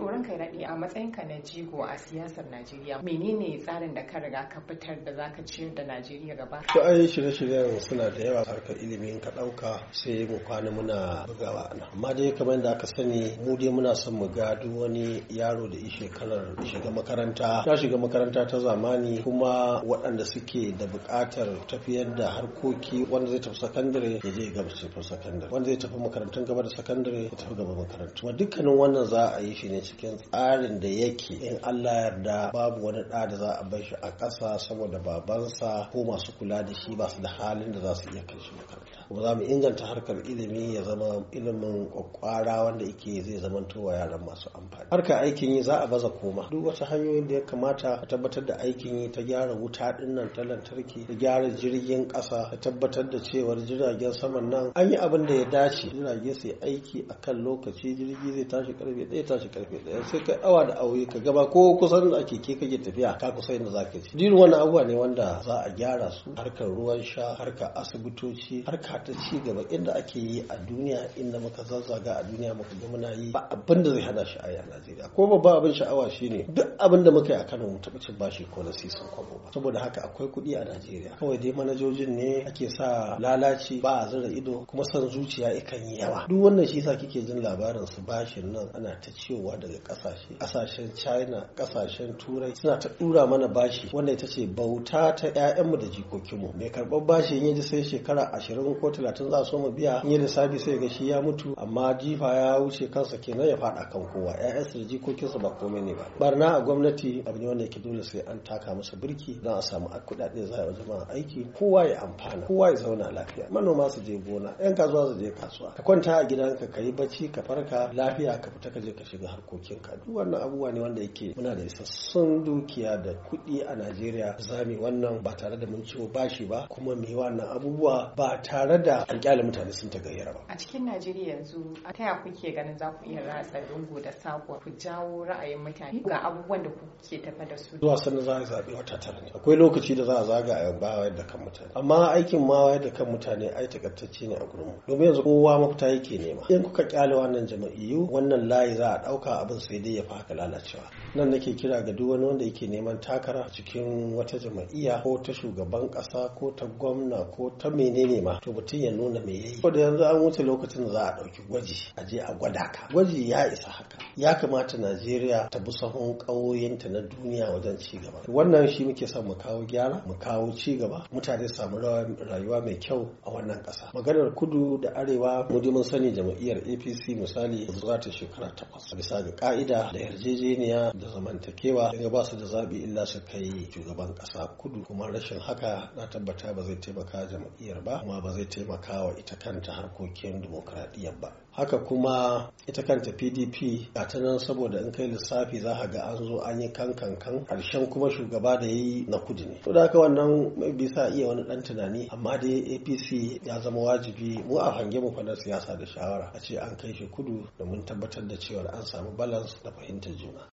Tsoron kai daɗi a matsayinka na jigo a siyasar Najeriya menene tsarin da ka riga ka fitar da za ka ciyar da Najeriya gaba? To ai shirye-shiryen suna da yawa harkar ilimin ka ɗauka sai mu kwana muna bugawa ana. Amma dai kamar yadda aka sani mu dai muna son mu ga duk wani yaro da shekarar shiga makaranta ta shiga makaranta ta zamani kuma waɗanda suke da buƙatar tafiyar da harkoki wanda zai tafi sakandare ya je gaba tafi sakandare wanda zai tafi makarantun gaba da sakandare ya tafi gaba makarantu. Dukkanin wannan za a yi shi ne cikin tsarin da yake in Allah yarda babu wani ɗa da za a bar shi a ƙasa saboda babansa ko masu kula da shi ba su da halin da za su iya kai shi makaranta kuma za mu inganta harkar ilimi ya zama ilimin kwakwara wanda yake zai zamantowa yaran masu amfani harkar aikin yi za a baza koma duk wata hanyoyin da ya kamata a tabbatar da aikin yi ta gyara wuta nan ta lantarki ta gyara jirgin ƙasa ta tabbatar da cewar jiragen saman nan an yi abin da ya dace jirage su aiki akan lokaci jirgi zai tashi karfe ɗaya tashi karfe sai ka awa da aure ka gaba ko kusan a keke kake tafiya ka kusa inda za ka je dinin wani abubuwa ne wanda za a gyara su harkar ruwan sha harkar asibitoci harka ta ci gaba inda ake yi a duniya inda muka zazzaga a duniya muka ga muna yi ba abin zai hada shi a Najeriya ko ba abin sha'awa shine duk abin da muka yi a Kano mu taɓa cin bashi ko na sisin kwabo ba saboda haka akwai kuɗi a Najeriya kawai dai manajojin ne ake sa lalaci ba a zira ido kuma san zuciya ikan yi yawa duk wannan shi yasa kike jin labarin su bashin nan ana ta cewa da daga kasashe kasashen china kasashen turai suna ta dura mana bashi wanda ita ce bauta ta 'ya'yanmu da jikokinmu mai karɓar bashi in yaji sai shekara ashirin ko talatin za su mu biya in yi lissafi sai ga shi ya mutu amma jifa ya wuce kansa kenan ya faɗa kan kowa 'ya'yansu da jikokinsu ba komai ne ba barna a gwamnati abu ne wanda yake dole sai an taka masa birki don a samu kuɗaɗe za a jama'a aiki kowa ya amfana kowa ya zauna lafiya manoma su je gona 'yan kasuwa su je kasuwa ka kwanta a gidanka ka yi bacci ka farka lafiya ka fita ka je ka shiga harkokin ka duk wannan abubuwa ne wanda yake muna da isassun dukiya da kuɗi a najeriya za mu wannan ba tare da mun ciwo bashi ba kuma mu yi wannan abubuwa ba tare da an kyale mutane sun ta gayyara ba a cikin najeriya yanzu a taya kuke ganin za ku iya ratsa dungu da sako ku jawo ra'ayin mutane ga abubuwan da kuke tafa da su zuwa sannan za a zaɓi wata tara ne akwai lokaci da za a zaga a wayar da kan mutane amma aikin ma wayar da kan mutane ai takaitacce ne a gurin domin yanzu kowa mafita yake nema in kuka kyale wannan jama'iyu wannan layi za a ɗauka a abin sai dai ya fi haka lalacewa nan nake kira ga duk wani wanda yake neman takara cikin wata jama'iyya ko ta shugaban kasa ko ta gwamna ko ta menene ma to mutum ya nuna me yayi ko da yanzu an wuce lokacin da za a dauki gwaji a je a gwada ka gwaji ya isa haka ya kamata Najeriya ta bi sahun kauyenta na duniya wajen ci gaba wannan shi muke son mu kawo gyara mu kawo ci gaba mutane su samu rayuwa mai kyau a wannan kasa maganar kudu da arewa mu mun sani jam'iyyar APC misali zuwa ta shekara takwas bisa ga ka'ida da yarjejeniya da zamantakewa daga ba su da zaɓi illa su kai shugaban ƙasa kudu kuma rashin haka na tabbata ba zai taimaka jam'iyyar ba kuma ba zai taimaka wa ita kanta harkokin dimokuraɗiyyar ba haka kuma ita kanta pdp a ta nan saboda in kai lissafi za a ga an zo an yi kankan kan ƙarshen kuma shugaba da yi na kudu ne to da haka wannan bisa iya wani ɗan tunani amma dai apc ya zama wajibi mu a hange mu fadar siyasa da shawara a ce an kai shi kudu domin tabbatar da cewa an samu balance da fahimtar juna